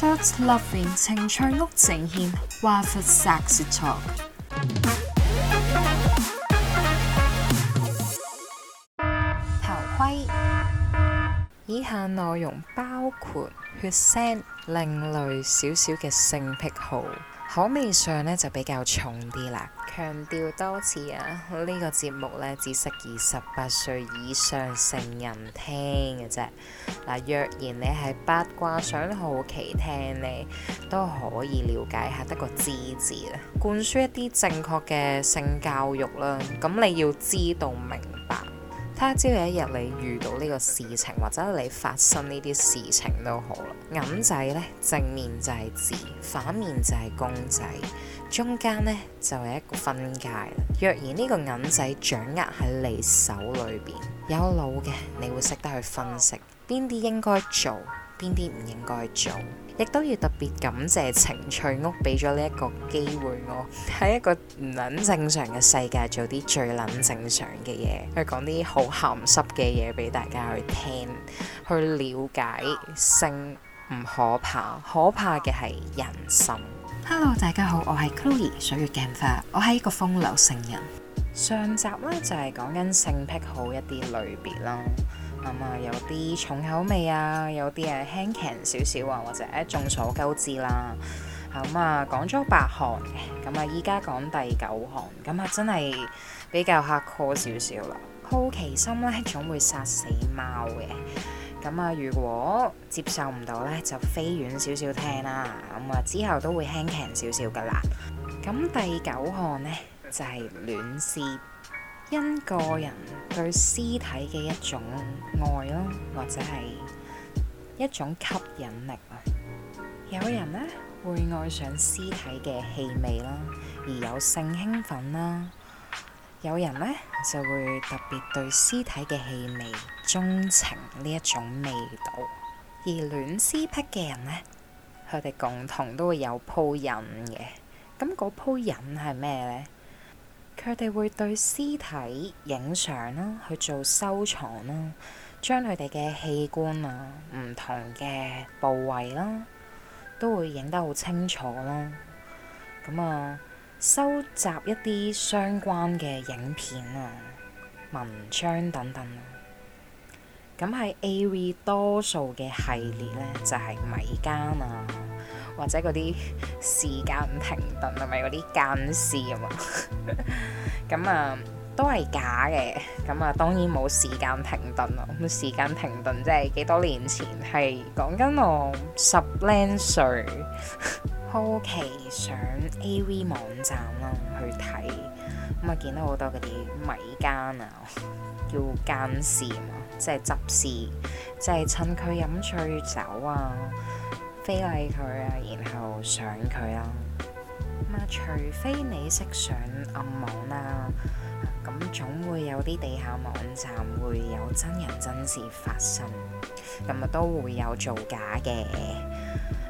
Adult Loving 晴趣屋呈獻華服 sexy talk，頭盔。 以下內容包括血腥、另類少少嘅性癖好。口味上咧就比較重啲啦，強調多次啊，呢個節目咧只適宜十八歲以上成人聽嘅啫。嗱，若然你係八卦想好奇聽你，你都可以了解下，得個知字啦，灌輸一啲正確嘅性教育啦。咁你要知道明。他朝有一日你遇到呢個事情，或者你發生呢啲事情都好啦。銀仔呢，正面就係字，反面就係公仔，中間呢，就係一個分界啦。若然呢個銀仔掌握喺你手裏邊，有腦嘅，你會識得去分析邊啲應該做，邊啲唔應該做。亦都要特別感謝情趣屋俾咗呢一個機會，我喺一個唔撚正常嘅世界做啲最撚正常嘅嘢，去講啲好鹹濕嘅嘢俾大家去聽、去了解性。唔可怕，可怕嘅係人心。Hello，大家好，我係 Chloe 水月鏡花，我係一個風流聖人。上集呢，就係、是、講緊性癖好一啲類別啦。咁啊、嗯，有啲重口味啊，有啲啊輕輕少少啊，或者眾所周知啦。咁、嗯、啊、嗯，講咗八項，咁啊依家講第九項，咁、嗯、啊、嗯、真係比較 hardcore 少少啦。好奇心咧總會殺死貓嘅，咁、嗯、啊、嗯、如果接受唔到咧，就飛遠少少聽啦。咁、嗯、啊、嗯、之後都會輕輕少少噶啦。咁、嗯、第九項咧就係戀屍。因個人對屍體嘅一種愛咯，或者係一種吸引力啊！有人呢會愛上屍體嘅氣味啦，而有性興奮啦；有人呢就會特別對屍體嘅氣味鍾情呢一種味道。而戀屍癖嘅人呢，佢哋共同都會有鋪癮嘅。咁嗰鋪癮係咩呢？佢哋會對屍體影相啦，去做收藏啦，將佢哋嘅器官啊、唔同嘅部位啦，都會影得好清楚啦。咁啊，收集一啲相關嘅影片啊、文章等等。咁喺 AV 多數嘅系列咧，就係迷姦啦。或者嗰啲時間停頓係咪嗰啲姦屍啊？咁 啊、嗯、都係假嘅。咁、嗯、啊當然冇時間停頓啦。咁時間停頓即係幾多年前係講緊我十零歲好奇上 AV 網站啦、啊，去睇咁啊，見到好多嗰啲米奸啊，叫姦屍啊，即係執事，即係趁佢飲醉酒啊。非禮佢啊，然後上佢啦。咁啊，除非你識上暗網啦，咁總會有啲地下網站會有真人真事發生。咁啊，都會有造假嘅，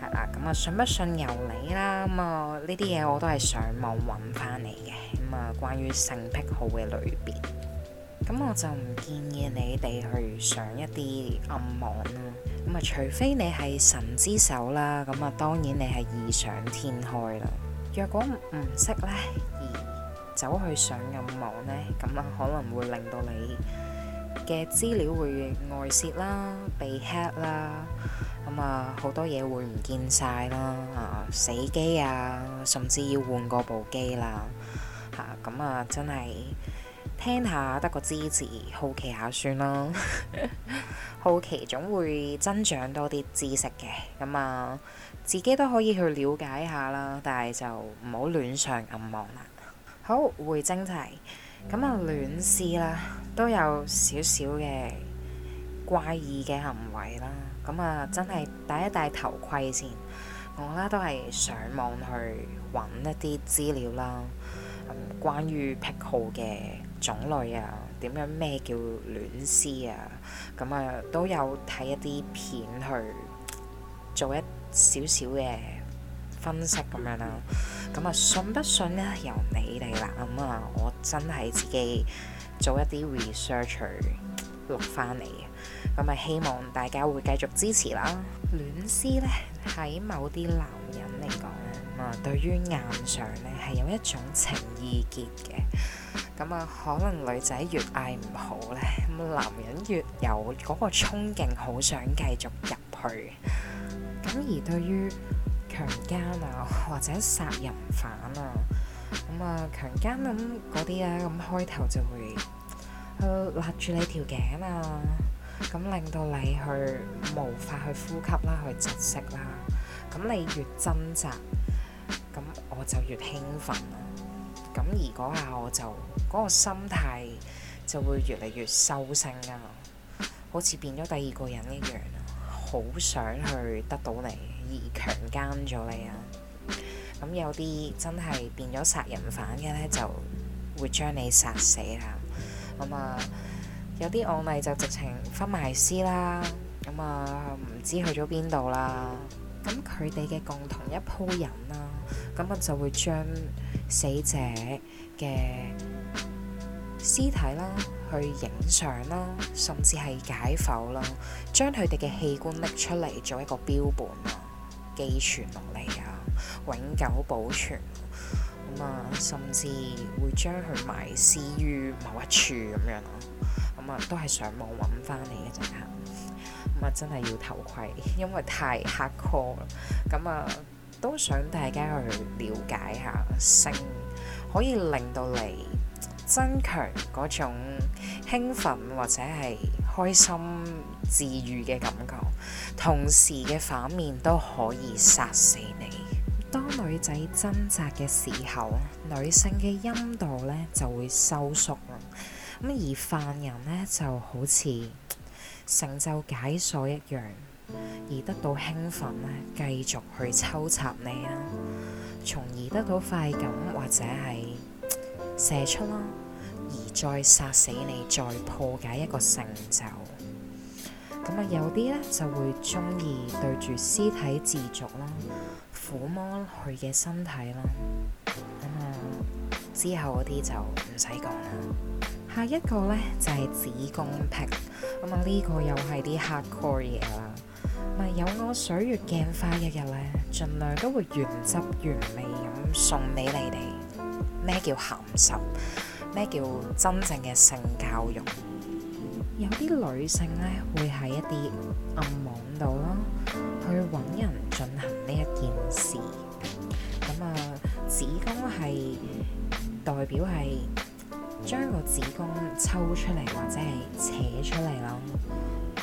係啦。咁啊，信不信由你啦。咁啊，呢啲嘢我都係上網揾翻嚟嘅。咁啊，關於性癖好嘅類別，咁我就唔建議你哋去上一啲暗網啦。除非你係神之手啦，咁啊，當然你係異想天開啦。若果唔識咧，而走去上緊網咧，咁啊，可能會令到你嘅資料會外泄啦，被 hack 啦，咁啊，好多嘢會唔見晒啦，啊，死機啊，甚至要換過部機啦，嚇、啊，咁啊，真係～聽下得個知字，好奇下算啦。 好奇總會增長多啲知識嘅，咁啊，自己都可以去了解下啦。但係就唔好亂上暗網啦。好，回正題。咁啊，亂試啦都有少少嘅怪異嘅行為啦。咁啊，真係戴一戴頭盔先。我咧、啊、都係上網去揾一啲資料啦，咁、嗯、關於癖好嘅。種類啊，點樣咩叫戀屍啊？咁啊都有睇一啲片去做一少少嘅分析咁樣啦、啊。咁啊信不信咧、啊，由你哋啦。咁啊，我真係自己做一啲 research 去錄翻嚟嘅。咁啊，希望大家會繼續支持啦。戀屍咧喺某啲男人嚟講咧，啊，對於硬上咧係有一種情意結嘅。咁啊，可能女仔越嗌唔好咧，咁男人越有嗰個衝勁，好想繼續入去。咁而對於強姦啊或者殺人犯啊，咁啊強姦咁嗰啲咧，咁、啊、開頭就會去勒、呃、住你條頸啊，咁令到你去無法去呼吸啦，去窒息啦。咁你越掙扎，咁我就越興奮。咁而嗰下我就嗰個心態就會越嚟越收性噶啦，好似變咗第二個人一樣，好想去得到你而強姦咗你啊！咁有啲真係變咗殺人犯嘅呢，就會將你殺死啦。咁啊，有啲案例就直情分埋屍啦。咁啊，唔知去咗邊度啦。咁佢哋嘅共同一鋪人啦，咁啊就會將～死者嘅屍體啦，去影相啦，甚至係解剖啦，將佢哋嘅器官拎出嚟做一個標本啊，寄存落嚟啊，永久保存咁、嗯、啊，甚至會將佢埋屍於某一處咁樣咯，咁、嗯、啊，都係上網揾翻嚟嘅啫嚇，咁、嗯、啊，真係要頭盔，因為太嚇 call 啦，咁、嗯、啊～都想大家去了解下性，可以令到你增強嗰種興奮或者係開心治癒嘅感覺，同時嘅反面都可以殺死你。當女仔掙扎嘅時候，女性嘅陰道咧就會收縮。咁而犯人咧就好似成就解鎖一樣。而得到興奮咧，繼續去抽插你啦，從而得到快感或者係射出咯，而再殺死你，再破解一個成就。咁啊，有啲咧就會中意對住屍體自瀆啦，撫摸佢嘅身體啦。咁、嗯、啊，之後嗰啲就唔使講啦。下一個咧就係、是、子宮癖，咁啊呢個又係啲 hard core 嘢啦。咪有我水月鏡花一日咧，盡量都會原汁原味咁送俾你哋。咩叫鹹濕？咩叫真正嘅性教育？有啲女性咧會喺一啲暗網度啦，去搵人進行呢一件事。咁啊，子宮係代表係將個子宮抽出嚟，或者係扯出嚟咯。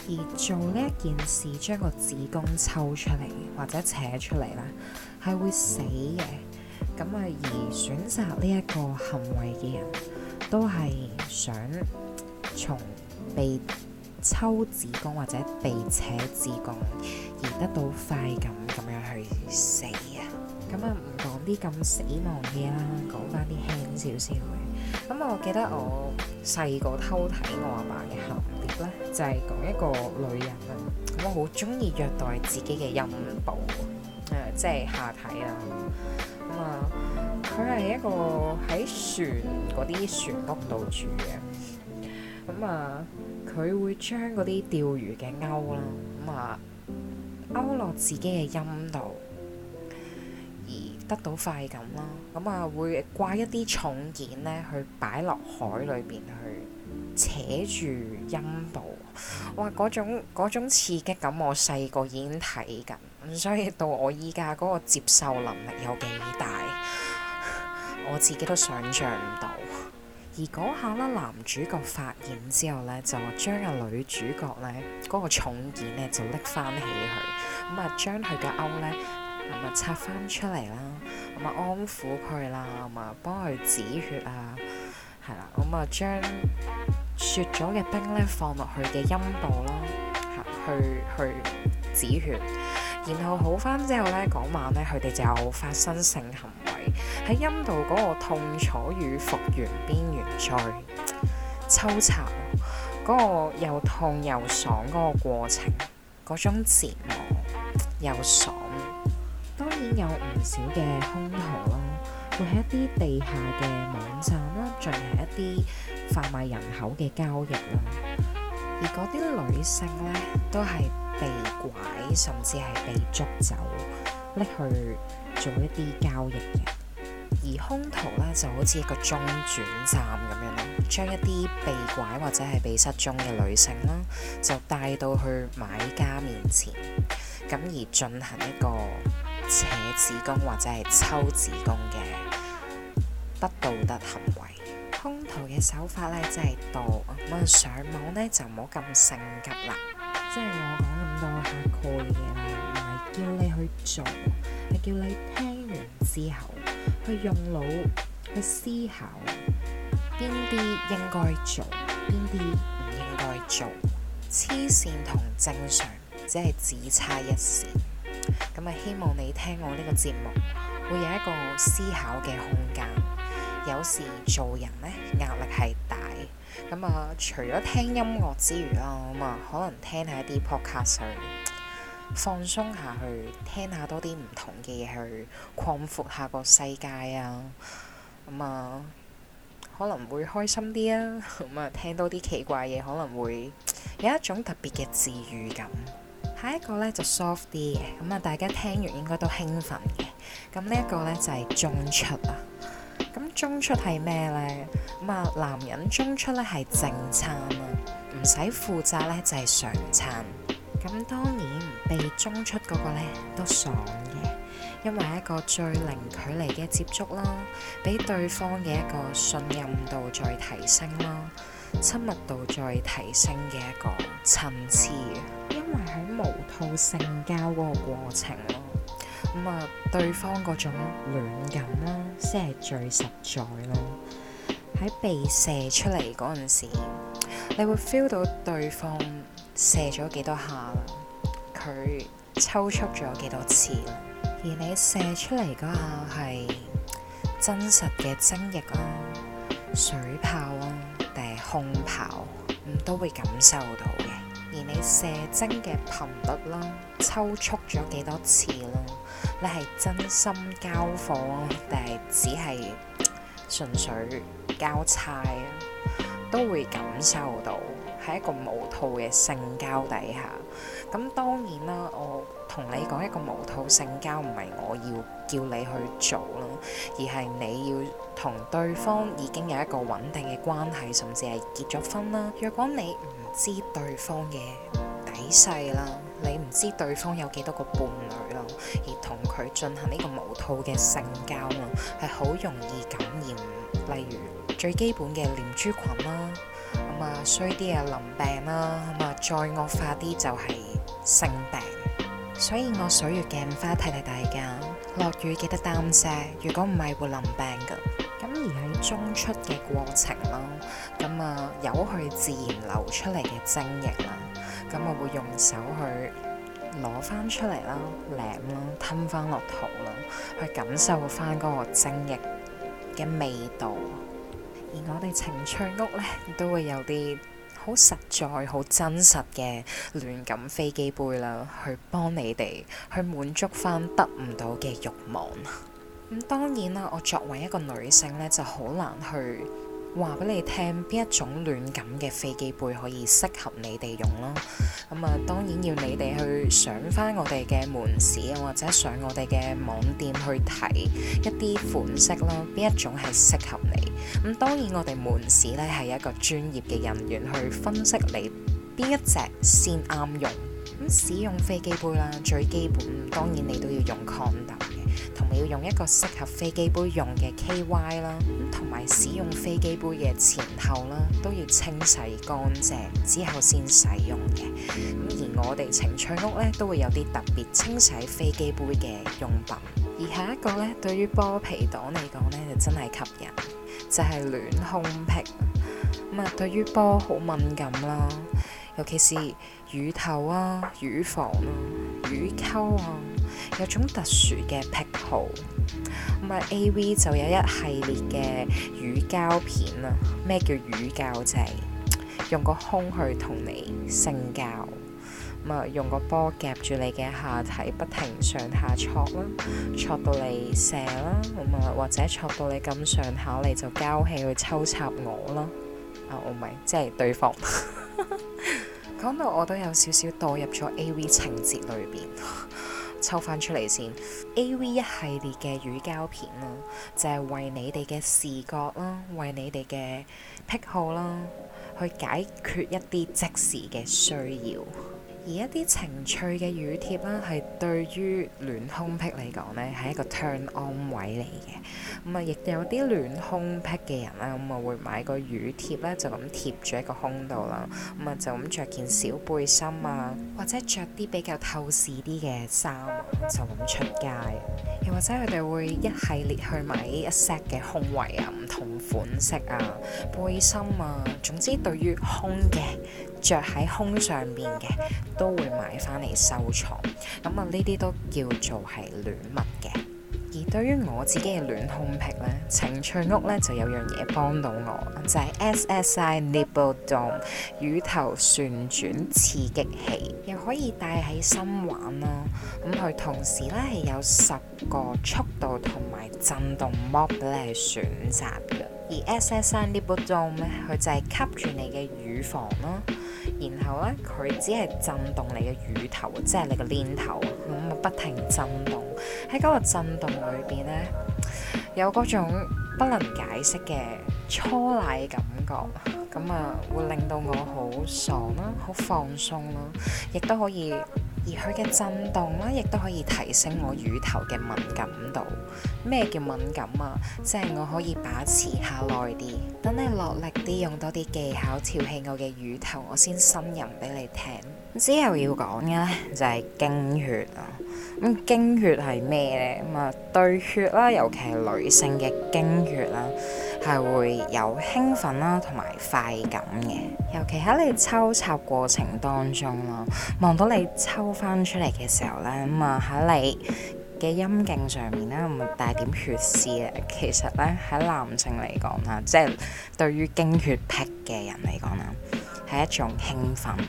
而做呢一件事，將個子宮抽出嚟或者扯出嚟啦，係會死嘅。咁啊，而選擇呢一個行為嘅人都係想從被抽子宮或者被扯子宮而得到快感，咁樣去死啊！咁啊，唔講啲咁死亡嘅啦，講返啲輕少少嘅。咁我記得我細個偷睇我阿爸嘅行咧就係講一個女人啦，我好中意虐待自己嘅陰部誒、嗯，即係下體啦。咁啊，佢係一個喺船嗰啲船屋度住嘅。咁啊，佢會將嗰啲釣魚嘅勾啦，咁啊，鈎落自己嘅陰度，而得到快感啦。咁啊，會掛一啲重件咧，去擺落海裏邊去。扯住陰部，哇！嗰種嗰種刺激感，我細個已經睇緊，所以到我依家嗰個接受能力有幾大，我自己都想像唔到。而嗰下咧，男主角發現之後呢，就將阿女主角呢嗰個重件呢就拎翻起佢，咁啊將佢嘅鈎咧咁啊拆翻出嚟啦，咁啊安撫佢啦，咁啊幫佢止血啊，係啦，咁啊將。雪咗嘅冰咧，放落去嘅陰道啦，嚇，去去止血，然後好翻之後咧，嗰晚咧佢哋就發生性行為，喺陰道嗰個痛楚與復原邊緣再抽插，嗰個又痛又爽嗰個過程，嗰種折磨又爽，當然有唔少嘅空頭啦，會喺一啲地下嘅網站啦，進行一啲販賣人口嘅交易啦，而嗰啲女性呢，都係被拐，甚至係被捉走，拎去做一啲交易嘅。而兇徒呢，就好似一個中轉站咁樣咯，將一啲被拐或者係被失蹤嘅女性啦，就帶到去買家面前，咁而進行一個扯子宮或者係抽子宮嘅不道德行為。通途嘅手法咧，真係多。我、嗯、上網咧就唔好咁性急啦。即係我講咁多係攰嘅，唔係叫你去做，係叫你聽完之後去用腦去思考，邊啲應該做，邊啲唔應該做。黐線同正常即係只，只差一線。咁、嗯、啊，希望你聽我呢個節目，會有一個思考嘅空間。有時做人咧壓力係大，咁啊除咗聽音樂之餘啦、啊，咁啊可能聽下一啲 podcast，放鬆下去，聽下多啲唔同嘅嘢去擴闊下個世界啊，咁啊可能會開心啲啊，咁 啊聽多啲奇怪嘢可能會有一種特別嘅治癒感。下一個咧就 soft 啲嘅，咁啊大家聽完應該都興奮嘅。咁呢一個咧就係、是、中出啊。咁中出係咩呢？咁啊，男人中出咧係正餐啊，唔使負責咧就係、是、常餐。咁當然被中出嗰個咧都爽嘅，因為一個最零距離嘅接觸啦，俾對方嘅一個信任度再提升咯，親密度再提升嘅一個層次。因為喺無套性交嗰個過程。咁啊，對方嗰種暖感啦，先係最實在咯。喺被射出嚟嗰陣時，你會 feel 到對方射咗幾多下啦，佢抽搐咗幾多次，而你射出嚟嗰下係真實嘅精液啊、水泡啊，定係空泡咁都會感受到嘅。而你射精嘅頻率啦、抽搐咗幾多次咯？你係真心交貨啊，定係只係純粹交差啊？都會感受到，係一個無套嘅性交底下。咁當然啦，我同你講一個無套性交唔係我要叫你去做咯，而係你要同對方已經有一個穩定嘅關係，甚至係結咗婚啦。若果你唔知對方嘅底細啦～你唔知對方有幾多個伴侶咯，啊，而同佢進行呢個無套嘅性交啊，係好容易感染，例如最基本嘅連珠菌啦，咁啊衰啲啊淋病啦，咁啊再惡化啲就係性病。所以我水月鏡花睇睇大家，落雨記得擔遮，如果唔係會淋病㗎。咁而喺中出嘅過程啦，咁啊由佢自然流出嚟嘅精液啦。咁我會用手去攞翻出嚟啦，舐咯，吞翻落肚咯，去感受翻嗰個精液嘅味道。而我哋晴趣屋呢，都會有啲好實在、好真實嘅暖感飛機杯啦，去幫你哋去滿足翻得唔到嘅慾望。咁當然啦，我作為一個女性呢，就好難去。話俾你聽邊一種暖感嘅飛機杯可以適合你哋用咯，咁、嗯、啊，當然要你哋去上返我哋嘅門市，或者上我哋嘅網店去睇一啲款式咯，邊一種係適合你。咁、嗯、當然我哋門市呢係一個專業嘅人員去分析你邊一隻先啱用。咁、嗯、使用飛機杯啦，最基本當然你都要用 condom。用一個適合飛機杯用嘅 KY 啦，同埋使用飛機杯嘅前後啦，都要清洗乾淨之後先使用嘅。而我哋情趣屋呢，都會有啲特別清洗飛機杯嘅用品。而下一個呢，對於波皮黨嚟講呢，就真係吸引，就係、是、暖胸癖。咁啊，對於波好敏感啦，尤其是乳頭啊、乳房啊、乳溝啊。有種特殊嘅癖好，咁啊 A.V. 就有一系列嘅乳膠片啊。咩叫乳膠啫？就係、用個胸去同你性交，咁啊用個波夾住你嘅下體，不停上下搓啦，搓到你射啦，咁啊或者搓到你咁上下你就交氣去抽插我啦。啊，我唔係，即、就、係、是、對方。講 到我都有少少墮入咗 A.V. 情節裏邊。抽翻出嚟先，A.V. 一系列嘅乳膠片咯，就係為你哋嘅視覺啦，為你哋嘅癖好啦，去解決一啲即時嘅需要。而一啲情趣嘅乳貼啦，係對於戀胸癖嚟講呢，係一個 turn on 位嚟嘅。咁、嗯、啊，亦有啲戀胸癖嘅人啦、啊，咁、嗯、啊會買個乳貼呢，就咁貼住喺個胸度啦。咁、嗯、啊，就咁着件小背心啊，或者着啲比較透視啲嘅衫啊，就咁出街。又或者佢哋會一系列去買一 set 嘅胸圍啊，唔同款式啊、背心啊，總之對於胸嘅。着喺胸上邊嘅都會買翻嚟收藏，咁啊呢啲都叫做係恩物嘅。而對於我自己嘅戀胸癖呢，情趣屋呢就有樣嘢幫到我，就係、是、SSI Nipple Dome 乳頭旋轉刺激器，又可以帶喺身玩啦。咁佢同時呢，係有十個速度同埋震動模式嚟選擇嘅。而 SSI Nipple Dome 咧，佢就係吸住你嘅乳房啦。然後咧，佢只係震動你嘅乳頭，即係你嘅鏈頭咁啊，不停震動。喺嗰個震動裏邊咧，有嗰種不能解釋嘅初奶感覺，咁啊，會令到我好爽囉，好放鬆囉，亦都可以。而佢嘅震動啦，亦都可以提升我乳頭嘅敏感度。咩叫敏感啊？即係我可以把持下耐啲，等你落力啲用多啲技巧調戲我嘅乳頭，我先呻吟俾你聽。之後要講嘅咧就係經血啊。咁經血係咩呢？咁啊對血啦，尤其係女性嘅經血啦。係會有興奮啦，同埋快感嘅。尤其喺你抽插過程當中啦，望到你抽翻出嚟嘅時候咧，咁啊喺你嘅陰莖上面咧，咁啊帶點血絲啊，其實咧喺男性嚟講啦，即係對於經血癖嘅人嚟講啦，係一種興奮。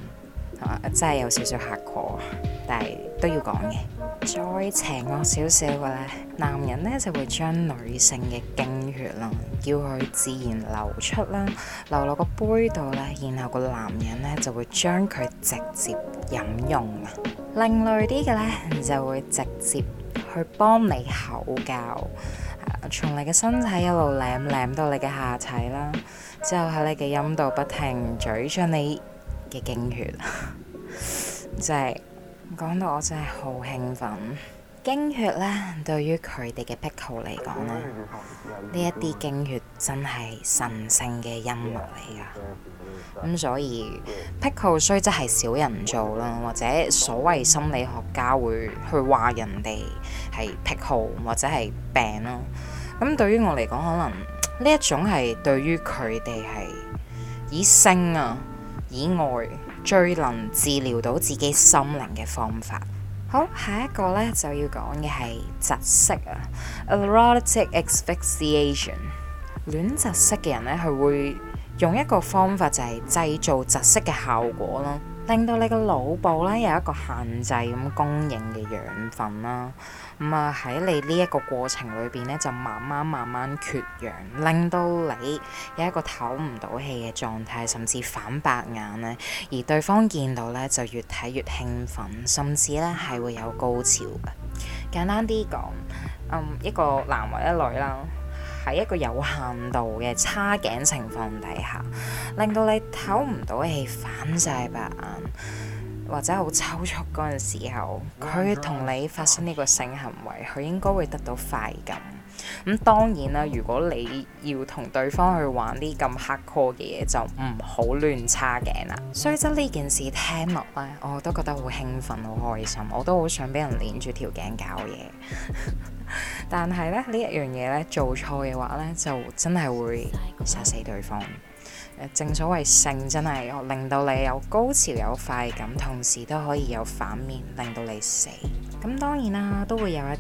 啊、真係有少少嚇過，但係都要講嘅。再邪惡少少嘅咧，男人咧就會將女性嘅經血啦，叫佢自然流出啦，流落個杯度啦。然後個男人咧就會將佢直接飲用。另類啲嘅咧，就會直接去幫你口交，啊，從你嘅身體一路舐舐到你嘅下體啦，之後喺你嘅陰道不停咀親你。嘅經的血、 就是，即係講到我真係好興奮。經血咧，對於佢哋嘅癖好嚟講咧，呢一啲經血真係神聖嘅恩物嚟㗎。咁 所以癖好雖則係少人做啦，或者所謂心理學家會去話人哋係癖好或者係病咯。咁對於我嚟講，可能呢一種係對於佢哋係以性啊。以外，最能治療到自己心靈嘅方法。好，下一個呢就要講嘅係窒息啊，Erotic asphyxiation。戀窒息嘅人呢，佢會用一個方法就係製造窒息嘅效果咯。令到你個腦部咧有一個限制咁供應嘅養分啦，咁啊喺你呢一個過程裏邊咧就慢慢慢慢缺氧，令到你有一個唞唔到氣嘅狀態，甚至反白眼咧，而對方見到咧就越睇越興奮，甚至咧係會有高潮嘅。簡單啲講，嗯，一個男或一女啦。喺一個有限度嘅叉頸情況底下，令到你唞唔到氣，反晒白眼或者好抽搐嗰陣時候，佢同你發生呢個性行為，佢應該會得到快感。咁、嗯、當然啦，如果你要同對方去玩啲咁黑科嘅嘢，就唔好亂叉頸啦。所以呢件事聽落咧，我都覺得好興奮，好開心，我都好想俾人綵住條頸搞嘢。 但係咧，呢一樣嘢咧，做錯嘅話咧，就真係會殺死對方。正所謂性真係令到你有高潮、有快感，同時都可以有反面令到你死。咁當然啦，都會有一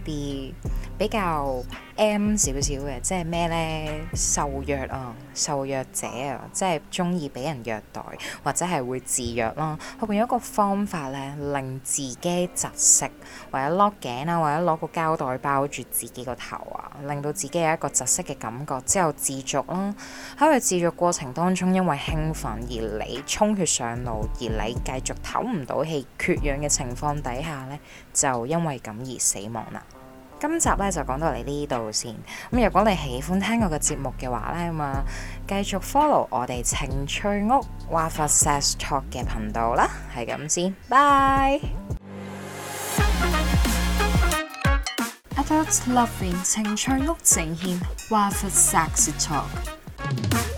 啲。比較 M 少少嘅，即係咩呢？受虐啊，受虐者啊，即係中意俾人虐待，或者係會自虐啦。後邊有一個方法呢，令自己窒息，或者勒頸啊，或者攞個膠袋包住自己個頭啊，令到自己有一個窒息嘅感覺，之後自虐啦。喺佢自虐過程當中，因為興奮而你充血上腦，而你繼續唞唔到氣，缺氧嘅情況底下呢，就因為咁而死亡啦。今集咧就講到嚟呢度先。咁、嗯、如果你喜歡聽我嘅節目嘅話咧，咁啊繼續 follow 我哋晴趣屋 Waffle Sex Talk 嘅頻道啦，係咁先，拜，拜。Adults Loving，晴趣屋呈現 Waffle Sex Talk。